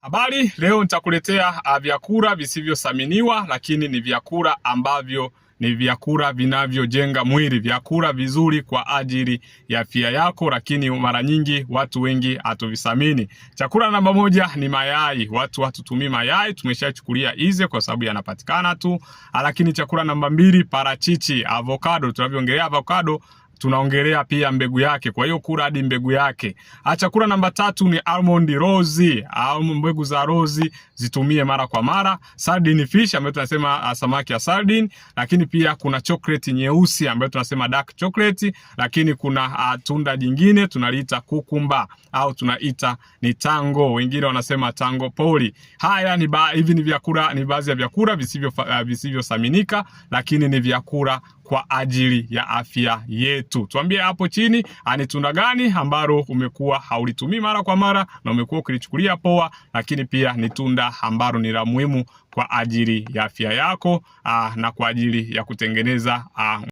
Habari, leo nitakuletea ah, vyakula visivyosaminiwa, lakini ni vyakula ambavyo ni vyakula vinavyojenga mwili, vyakula vizuri kwa ajili ya afya yako, lakini mara nyingi watu wengi hatuvisamini. Chakula namba moja ni mayai. Watu hatutumii mayai, tumeshachukulia ize kwa sababu yanapatikana tu. Ah, lakini chakula namba mbili parachichi, avocado. Tunavyoongelea avocado, tunaongelea pia mbegu yake, kwa hiyo kura hadi mbegu yake. Acha kura namba tatu ni almond rose au mbegu za rose, zitumie mara kwa mara. Sardine fish ambayo tunasema ah, samaki ya sardine, lakini pia kuna chocolate nyeusi ambayo tunasema dark chocolate, lakini kuna uh, tunda jingine tunaliita kukumba au tunaita ni tango, wengine wanasema tango poli. Haya ni ba, hivi ni vyakula, ni baadhi ya vyakula visivyo uh, visivyosaminika, lakini ni vyakula kwa ajili ya afya yetu. Tuambie hapo chini ni tunda gani ambalo umekuwa haulitumii mara kwa mara na umekuwa ukilichukulia poa, lakini pia ni tunda ambalo ni la muhimu kwa ajili ya afya yako aa, ah, na kwa ajili ya kutengeneza aa, ah,